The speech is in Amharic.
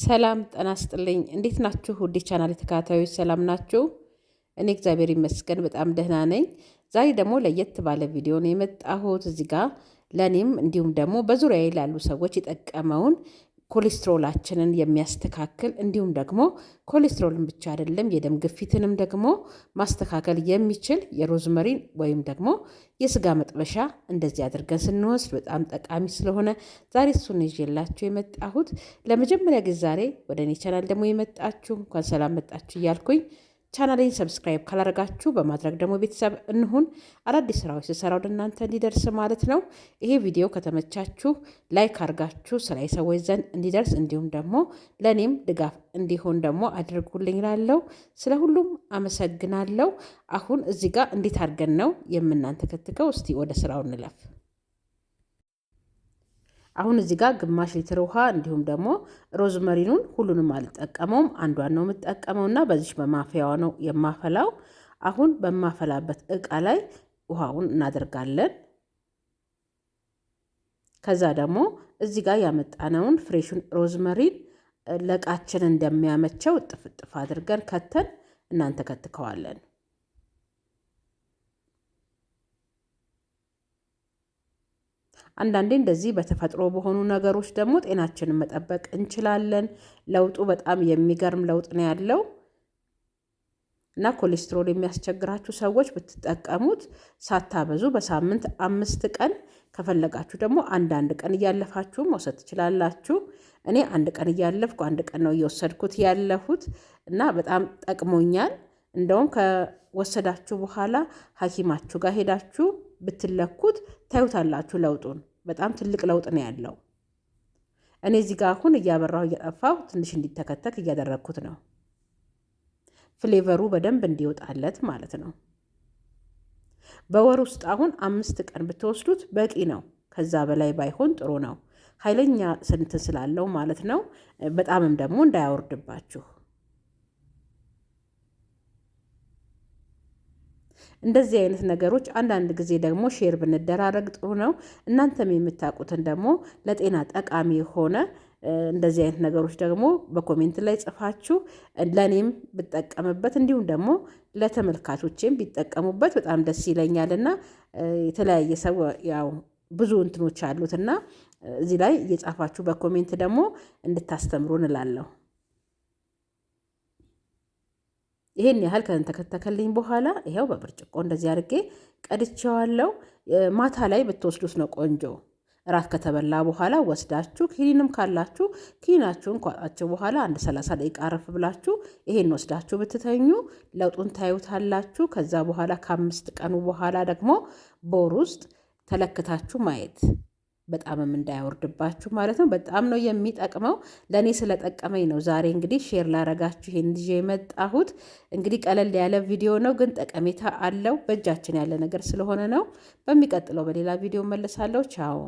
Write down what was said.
ሰላም ጠና ስጥልኝ። እንዴት ናችሁ? ውድ ቻናል ተከታታዮች ሰላም ናችሁ? እኔ እግዚአብሔር ይመስገን በጣም ደህና ነኝ። ዛሬ ደግሞ ለየት ባለ ቪዲዮ ነው የመጣሁት። እዚህ ጋር ለእኔም እንዲሁም ደግሞ በዙሪያ ላሉ ሰዎች የጠቀመውን ኮሌስትሮላችንን የሚያስተካክል እንዲሁም ደግሞ ኮሌስትሮልን ብቻ አይደለም የደም ግፊትንም ደግሞ ማስተካከል የሚችል የሮዝመሪን ወይም ደግሞ የስጋ መጥበሻ እንደዚህ አድርገን ስንወስድ በጣም ጠቃሚ ስለሆነ ዛሬ እሱን ይዤላችሁ የመጣሁት። ለመጀመሪያ ጊዜ ዛሬ ወደ እኔ ቻናል ደግሞ የመጣችሁ እንኳን ሰላም መጣችሁ እያልኩኝ ቻናሌን ሰብስክራይብ ካላደረጋችሁ በማድረግ ደግሞ ቤተሰብ እንሁን። አዳዲስ ስራዎች ስሰራ ወደ እናንተ እንዲደርስ ማለት ነው። ይሄ ቪዲዮ ከተመቻችሁ ላይክ አድርጋችሁ ስራ የሰዎች ዘንድ እንዲደርስ እንዲሁም ደግሞ ለእኔም ድጋፍ እንዲሆን ደግሞ አድርጉልኝ ላለው ስለ ሁሉም አመሰግናለሁ። አሁን እዚህ ጋር እንዴት አድርገን ነው የምናንተከትከው? እስቲ ወደ ስራው እንለፍ። አሁን እዚህ ጋር ግማሽ ሊትር ውሃ እንዲሁም ደግሞ ሮዝመሪኑን ሁሉንም አልጠቀመውም፣ አንዷን ነው የምጠቀመው እና በዚሽ በማፍያዋ ነው የማፈላው። አሁን በማፈላበት እቃ ላይ ውሃውን እናደርጋለን። ከዛ ደግሞ እዚህ ጋር ያመጣነውን ፍሬሹን ሮዝመሪን ለቃችን እንደሚያመቸው ጥፍጥፍ አድርገን ከተን እናንተ ከትከዋለን። አንዳንዴ እንደዚህ በተፈጥሮ በሆኑ ነገሮች ደግሞ ጤናችንን መጠበቅ እንችላለን። ለውጡ በጣም የሚገርም ለውጥ ነው ያለው እና ኮሌስትሮል የሚያስቸግራችሁ ሰዎች ብትጠቀሙት ሳታበዙ በሳምንት አምስት ቀን ከፈለጋችሁ ደግሞ አንዳንድ ቀን እያለፋችሁ መውሰድ ትችላላችሁ። እኔ አንድ ቀን እያለፍኩ አንድ ቀን ነው እየወሰድኩት ያለፉት እና በጣም ጠቅሞኛል። እንደውም ከወሰዳችሁ በኋላ ሐኪማችሁ ጋር ሄዳችሁ ብትለኩት ታዩታላችሁ ለውጡን። በጣም ትልቅ ለውጥ ነው ያለው። እኔ እዚህ ጋር አሁን እያበራሁ እየጠፋሁ ትንሽ እንዲተከተክ እያደረግኩት ነው፣ ፍሌቨሩ በደንብ እንዲወጣለት ማለት ነው። በወር ውስጥ አሁን አምስት ቀን ብትወስዱት በቂ ነው። ከዛ በላይ ባይሆን ጥሩ ነው። ኃይለኛ ስንት ስላለው ማለት ነው። በጣምም ደግሞ እንዳያወርድባችሁ እንደዚህ አይነት ነገሮች አንዳንድ ጊዜ ደግሞ ሼር ብንደራረግ ጥሩ ነው። እናንተም የምታውቁትን ደግሞ ለጤና ጠቃሚ የሆነ እንደዚህ አይነት ነገሮች ደግሞ በኮሜንት ላይ ጽፋችሁ ለእኔም ብጠቀምበት እንዲሁም ደግሞ ለተመልካቾቼም ቢጠቀሙበት በጣም ደስ ይለኛል የተለያየ ሰው ያው ብዙ እንትኖች አሉትና እዚህ ላይ እየጻፋችሁ በኮሜንት ደግሞ እንድታስተምሩ እንላለሁ። ይሄን ያህል ከተከተከልኝ በኋላ ይኸው በብርጭቆ እንደዚህ አድርጌ ቀድቼዋለሁ። ማታ ላይ ብትወስዱት ነው ቆንጆ። እራት ከተበላ በኋላ ወስዳችሁ ኪኒንም ካላችሁ ኪኒናችሁን ቋጣችሁ በኋላ አንድ ሰላሳ ደቂቃ አረፍ ብላችሁ ይሄን ወስዳችሁ ብትተኙ ለውጡን ታዩታላችሁ። ከዛ በኋላ ከአምስት ቀኑ በኋላ ደግሞ ቦር ውስጥ ተለክታችሁ ማየት በጣምም እንዳያወርድባችሁ ማለት ነው። በጣም ነው የሚጠቅመው። ለእኔ ስለጠቀመኝ ነው ዛሬ እንግዲህ ሼር ላረጋችሁ ይሄን ይዤ የመጣሁት። እንግዲህ ቀለል ያለ ቪዲዮ ነው፣ ግን ጠቀሜታ አለው። በእጃችን ያለ ነገር ስለሆነ ነው። በሚቀጥለው በሌላ ቪዲዮ መለሳለሁ። ቻው